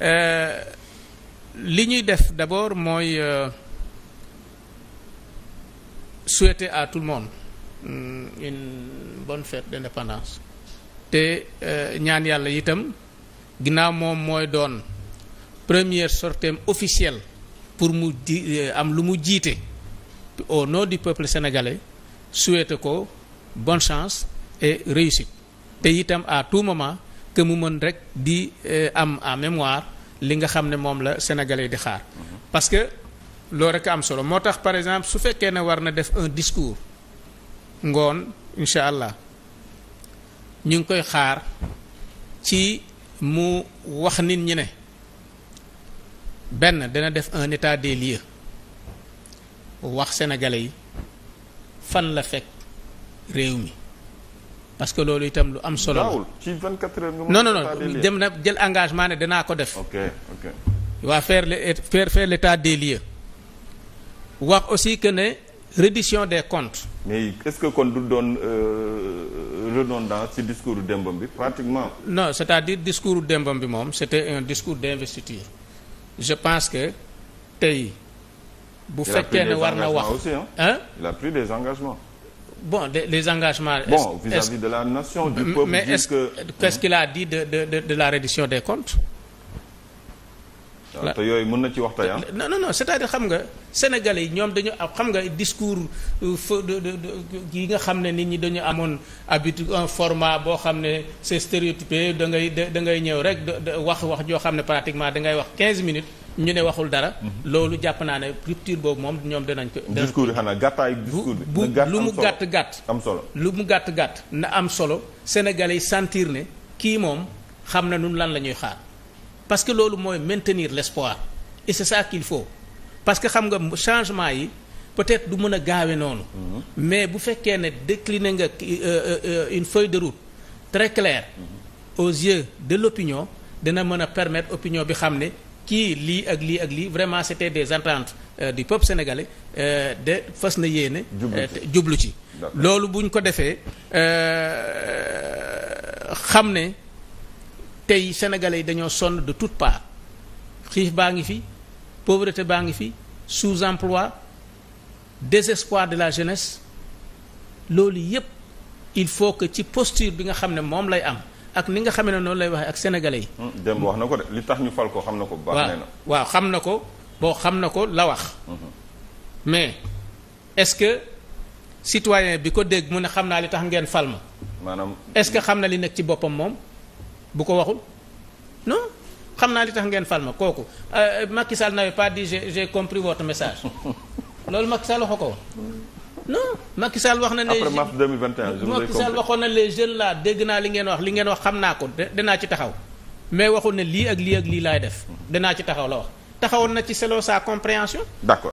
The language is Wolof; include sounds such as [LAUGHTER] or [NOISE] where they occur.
Euh, li ñuy def d'abord mooy euh, souhaiter à tout le monde mm, une bonne fête d'indépendance te euh, ñaan yàlla itam ginnaaw moom mooy doon première sortie officielle pour mu di am lu mu jiite au nom du peuple sénégalais souhaiter ko bonne chance et réussite te itam à tout moment que mu mën rek di eh, am en mémoire li nga xam ne moom la sénégalais di xaar mhm. parce que loolu rek am solo moo tax par exemple su fekkee ne war na def un discours ngoon incha allah ñu ngi koy xaar ci mu wax nit ñi ne benn dana def un état des lieux wax sénégalais yi fan la fekk réew mi parce que loolu itam lu am solo la ci 24 heures nga non non dem na jël engagement ne danaa ko def. ok ok. waa faire le faire le l'état des lieux. wax aussi que ne reddition des comptes. mais est-ce que kon du doon euh, redondant ci discours démbam bi pratiquement. non c'est-à-dire discours démbam bi moom c'était un discours d'investiture. je pense que tey. bu fekkee ne war na wax il a pris des engagements il a pris des engagements. bon des, des engagements. bon vis-à-vis de la nation. du peuple mais est-ce que qu'est-ce qu'il dit de de de de la reddition des comptes. Ah, te yooyu mën na ci wax tey non non non c'est-à-dire xam nga sénégalais yi ñoom dañu xam nga discours euh, yi nga xam ne nit ñi dañu amoon habitude un format boo xam ne c'est stéréotypé da ngay da ngay ñëw rek wax wax joo xam ne pratiquement dangay wax 15 minutes. ñu ne waxul dara. loolu jàpp naa ne rupture boobu moom ñoom danañ ko. discours yi xanaa gàttaayu discours bi. lu mu gàtt gàtt. am solo lu mu gàtt gàtt. na am solo sénégalais yi sentir ne kii moom xam na nun lan la ñuy xaar parce que loolu mooy maintenir l'espoir et c'est ça qu'il faut parce que xam nga changement yi peut-être du mën a gaawe noonu. Mm-hmm. mais bu fekkee ne décliner nga euh, euh, euh, une feuille de route très claire mm-hmm. aux yeux de l'opinion dina mën a permettre opinion bi xam ne. kii lii ak lii ak lii vraiment c'était des ententes euh, du peuple sénégalais euh, de fas na yéene. Euh, jublu ci loolu buñ ko defee euh, xam ne tey sénégalais yi dañoo sonn de toutes parts xiif baa ngi fi pauvreté baa ngi fi sous-emploi désespoir de la jeunesse loolu yépp il faut que ci posture bi nga xam ne moom lay am. ak ni nga xamee ne noonu lay waxee ak sénégalais yi. Hmm, démb wax na ko de li tax ñu fal ko xam na ko. baax nee waaw xam na ko boo xam na ko la wax. Hmm. mais est-ce que citoyen bi ko dégg mu ne xam naa li tax ngeen fal ma. maanaam est-ce que xam na li nekk ci boppam moom bu ko waxul non. xam naa li tax ngeen fal ma kooku euh, Macky Sall n'avait pas dit j'ai j'ai compris message [LAUGHS] loolu Macky Sall ko non Macky Sall wax na ne. après mars 2021 waxoon na les jeunes là dégg naa li ngeen wax li ngeen wax xam naa ko danaa ci taxaw mais waxul na lii ak lii ak lii laay def danaa ci taxaw la wax taxawoon na ci selon sa compréhension. d'accord.